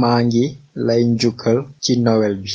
Maa ngi lay njukkal ci Nowel bi.